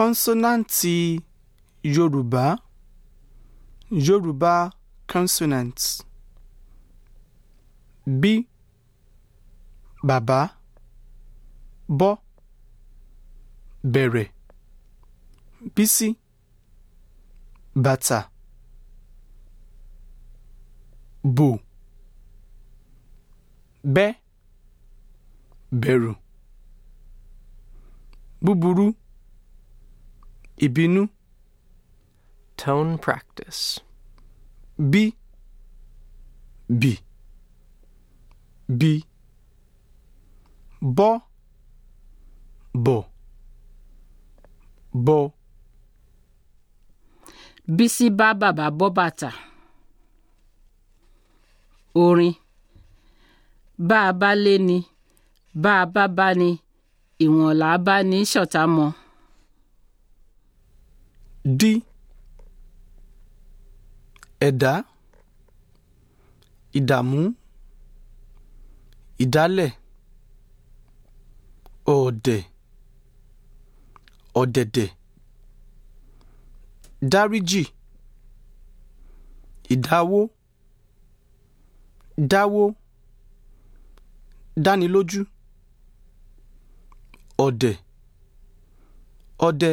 Kọ́nsọ́náǹtì Yorùbá Yoruba consonant b bàbá bọ́ bẹ̀rẹ̀ bísí bàtà bò bẹ́ bẹ̀rù búburú. Ibinu. Tone practice. B. B. B. Bo. Bo. Bo. Bisi baba bàbá bata. bàtà. Orin. Bá a bá lé ni, bá a bá bá ni, ìwọ̀n bá ní ṣọ̀tá mọ́ di ẹ̀dá ìdààmú ìdálẹ̀ ọ̀ọ̀dẹ̀ ọ̀dẹ̀dẹ̀ dáríjì ìdáwó dáwó dánilójú ọ̀dẹ̀ ọdẹ.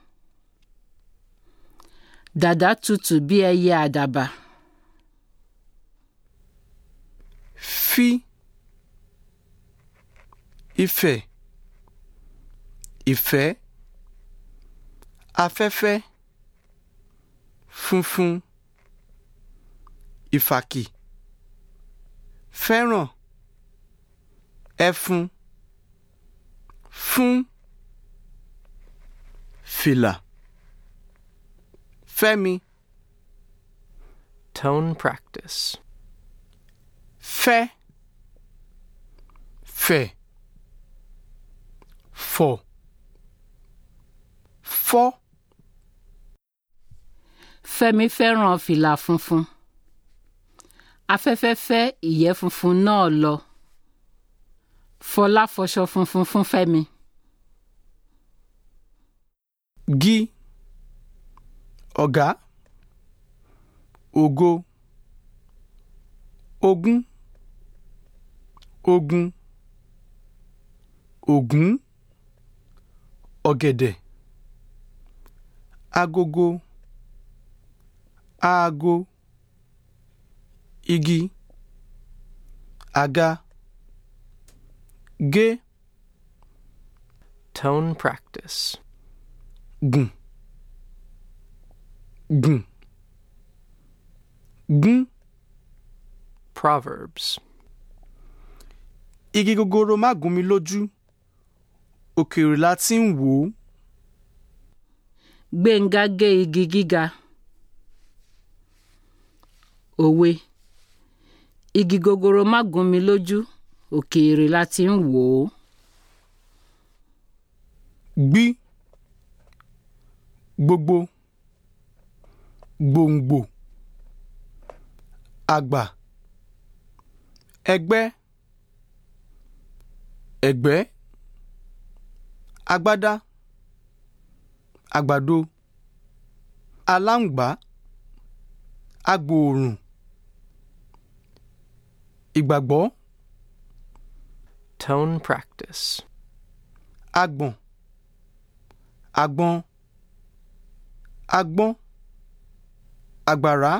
Dada tutu bí ẹyẹ àdàbà. Fi ife ìfẹ́ afẹ́fẹ́ funfun ìfàkì fẹ́ràn ẹfun fún fìlà. Fẹ́mi. Tone practice. Fẹ́. Fẹ́. Fọ̀. Fọ́. Fẹ́mi fẹ́ràn fìlà funfun. Afẹ́fẹ́ fẹ́ ìyẹ́ funfun náà lọ. Fọlá fọṣọ funfun fún Fẹ́mi. Gí. ọ̀gá ògo ogún ogun ògún ọ̀gẹ̀dẹ̀ agogo aago igi aga ge) tone practice gùn. Gn. Gn. Proverbs. Igi gogoro má gún mi lójú, òkèèrè la ti ń wò ó. Gbénga gé igi gíga. Òwe. Igi gogoro má gún mi lójú, òkèèrè la ti ń wò ó. Gbí gbòǹgbò àgbà ẹgbẹ́ ẹgbẹ́ agbádá àgbàdo aláǹgbá agbòòrùn ìgbàgbọ́. Tone practice. agbọ̀n agbọ̀n agbọ̀n. agbára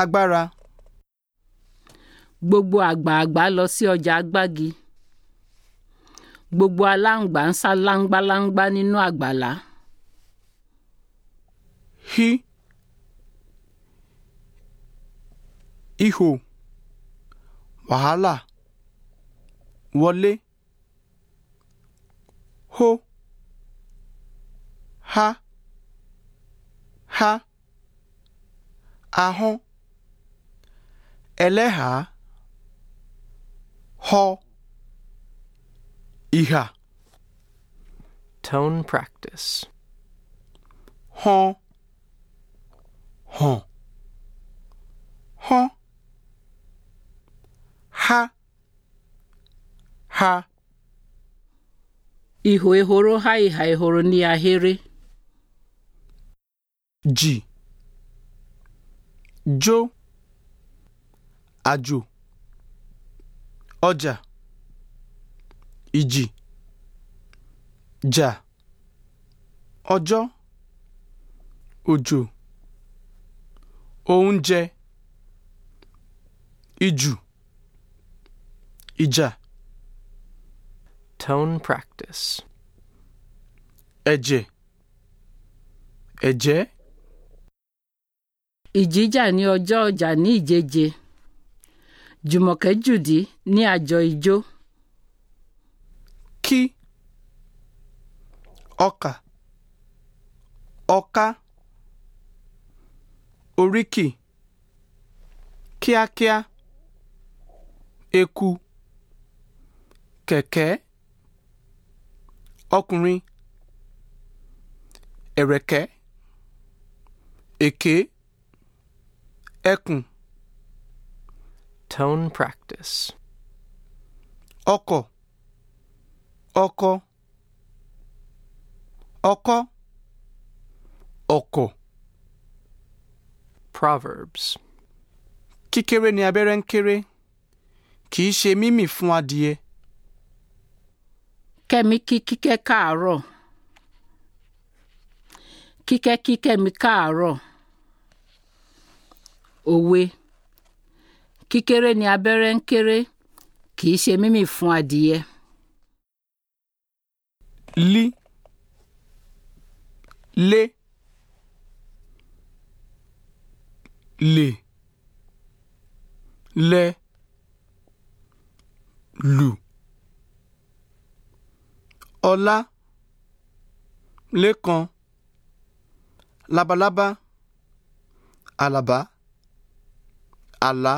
agbára. gbogbo àgbààgbà lọ sí ọjà agbági gbogbo aláǹgbá ń sá láńgbáláńgbá nínú àgbàlá. hí ihò wàhálà wọlé hó ha ha. ahụ eleha họ ihe tone practice họ họ họ ha ha ihu ehoro ha iha ehoro n'ahịrị ji jó àjò ọjà ìjì jà ọjọ́ òjò oúnjẹ ìjù ìjà. Tone practice. Ẹ̀jẹ̀ ẹ̀jẹ̀. ìjíjà ní ọjọ́ ọjà ní ìjeje jùmọ̀kẹ́ jùdí ní àjọ ìjó. kí ọkà ọká oríkì kíákíá eku kẹ̀kẹ́ ọkùnrin ẹ̀rẹ̀kẹ́ èké. Ekun tone practice ọkọ̀ ọkọ̀ ọkọ̀ ọkọ̀ proverbs Kikere ni abẹ́rẹ́ ń kéré kì í ṣe mímì fún adìẹ. kike kí kíkẹ́ káàárọ̀ kike kí kẹ́mi káàárọ̀. òwe kíkéré ni abẹ́rẹ́ ń kéré kì í ṣe mímì fún adìyẹ. lí lé lè lẹ lù ọlá lẹ́kan labalábá àlàbá. Laba àlá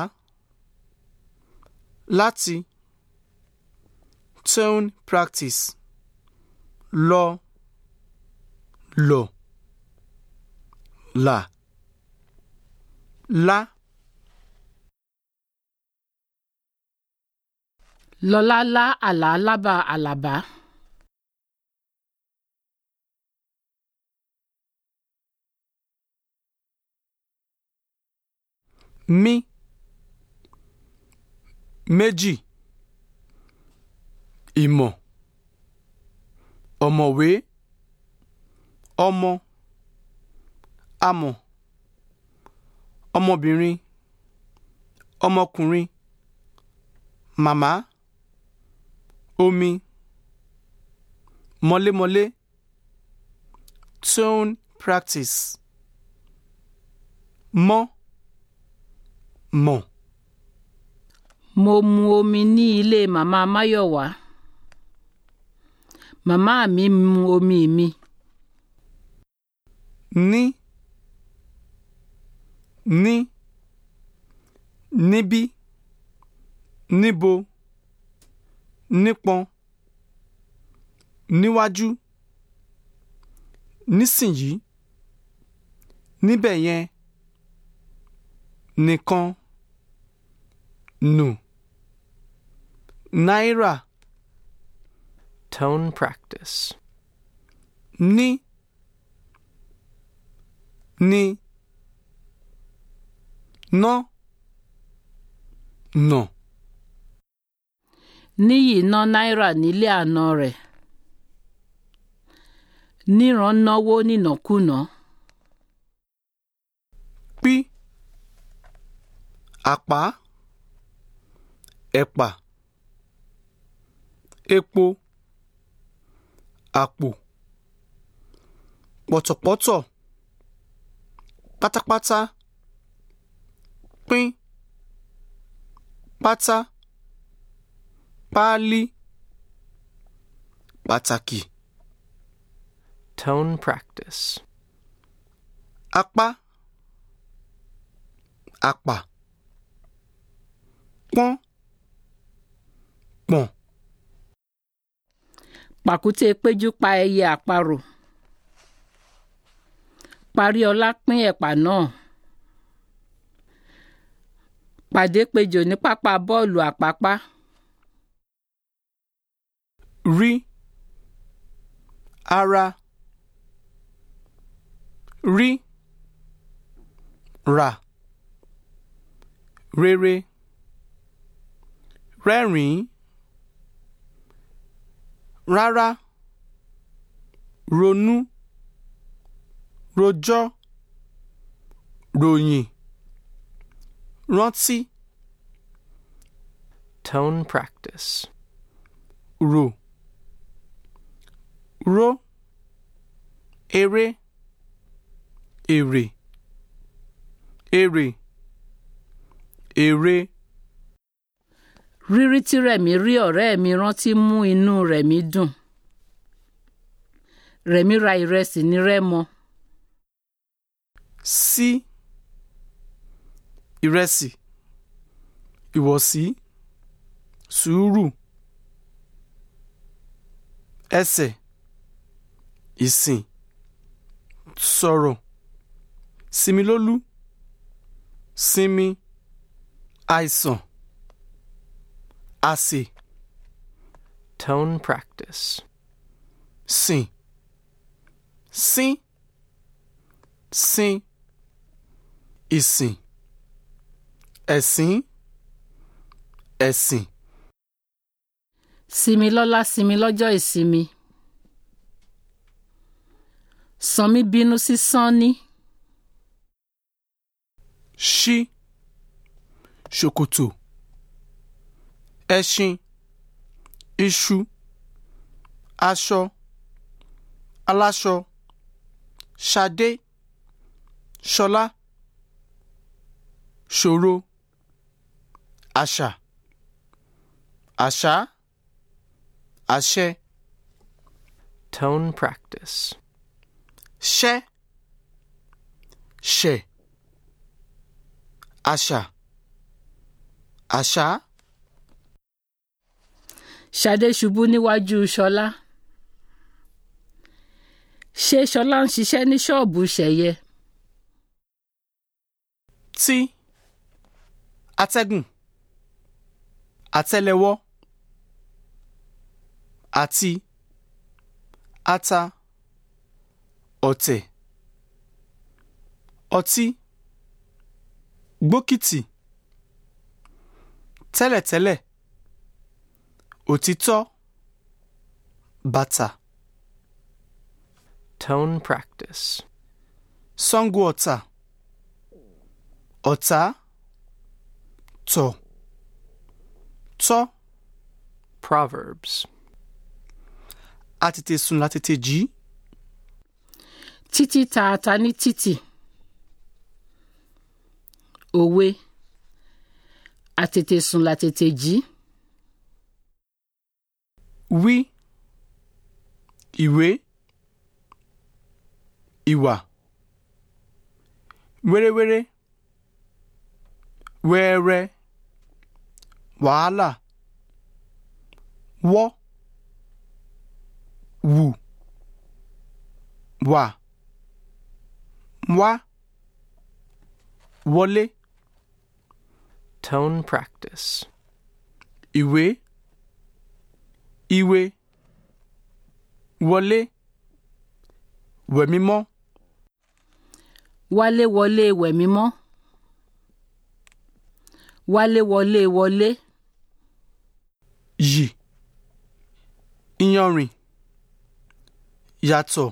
láti tone practice lọ lọ là lá. lọlá lá àlá lábà àlàbá. mi méjì ìmọ̀ ọ̀mọ̀wé ọmọ amọ̀ ọmọbìnrin ọmọkùnrin màmá omi mọlémọlé tone practice mọ́ mọ̀ mo mu omi ní ilé màmá Máyọ̀wá màmá mi mu omi mi. ní ní níbí níbo nípọn níwájú nísìnyí níbẹ̀ yẹn nìkan nù. No. naira tone practice ni ni no no níyì ná náírà nílé àna rẹ̀ níran náwó nínàkúnà. Pi Apa Epa E epo àpò pọ̀tọ̀pọ́tọ̀ pátápátá pín pátá páálí pàtàkì. Tone practice. apá àpà pọ́n pọ́n pàkúté péjú pa ẹyẹ àparò paríọlá pín ẹ̀pà náà pàdé péjò ní pápá bọ́ọ̀lù àpápá. rí ara rí rà rere rẹ́rìn-ín. rárá ronú rojọ́ ròyìn rántí. Tone practice. Rò. Ró. Eré. Èrè. Èrè. Èrè. rírí tí rẹ̀mí rí ọ̀rẹ́ mi rántí mú inú rẹ̀mí dùn rẹ̀mí ra ìrẹsì ní rẹ́mọ. sí ìrẹsì ìwọ̀sí sùúrù ẹsẹ̀ ìsìn sọ̀rọ̀ sinmi lólú sinmi àìsàn Assim. Tone practice. Sim. Sim. Sim. E sim. É sim. É sim. Sinmi lọ́la sinmi lọ́jọ́ ìsinmi. binu si sí Sanni. Ṣí. Ṣòkòtò. ẹṣin iṣu aṣọ aláṣọ ṣadé ṣọlá ṣòro àṣà àṣá àṣẹ. Tone practice. ṣẹ́ ṣẹ̀ àṣà àṣá. Ṣadé ṣubú níwájú Ṣọlá. Ṣé Ṣọlá ń ṣiṣẹ́ ní ṣọ́ọ̀bù Ṣẹ̀yẹ? Tí atẹ́gùn àtẹ́lẹwọ́ àti ata ọ̀tẹ̀ ọtí gbókìtì tẹ́lẹ̀tẹ́lẹ̀ Òtítọ́ bàtà. Tone practice. Sango ọ̀tà. Ọ̀tá to. tọ́. Proverbs. A tètè sùn la tètè jí. Títí tààtà ní títì. Òwe. A tètè sùn la tètè jí. wí ìwé ìwà wérewére wẹ́ẹ́rẹ́ Wala. wọ́ wù wà wá wọlé. Tone practice. Ìwé. Iwe wọlé wẹ̀ mímọ́. wálé wọlé wẹ̀ mímọ́. wálé wọlé wọlé. yì iyanrìn yàtọ̀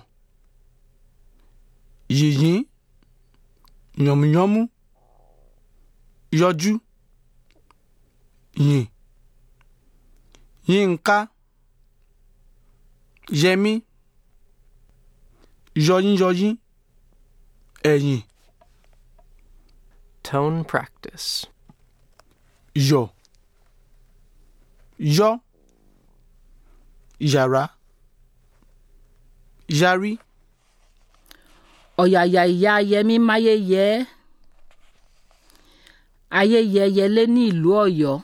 yìnyín yànmùyánmú yọjú yìn yínká yẹmí yọyínyọyín ẹ̀yìn. tone practice. yọ yọ yàrá yarí. ọ̀yàyà ìyá yẹmí máyé yẹ ayé yẹyẹlé ní ìlú ọ̀yọ́.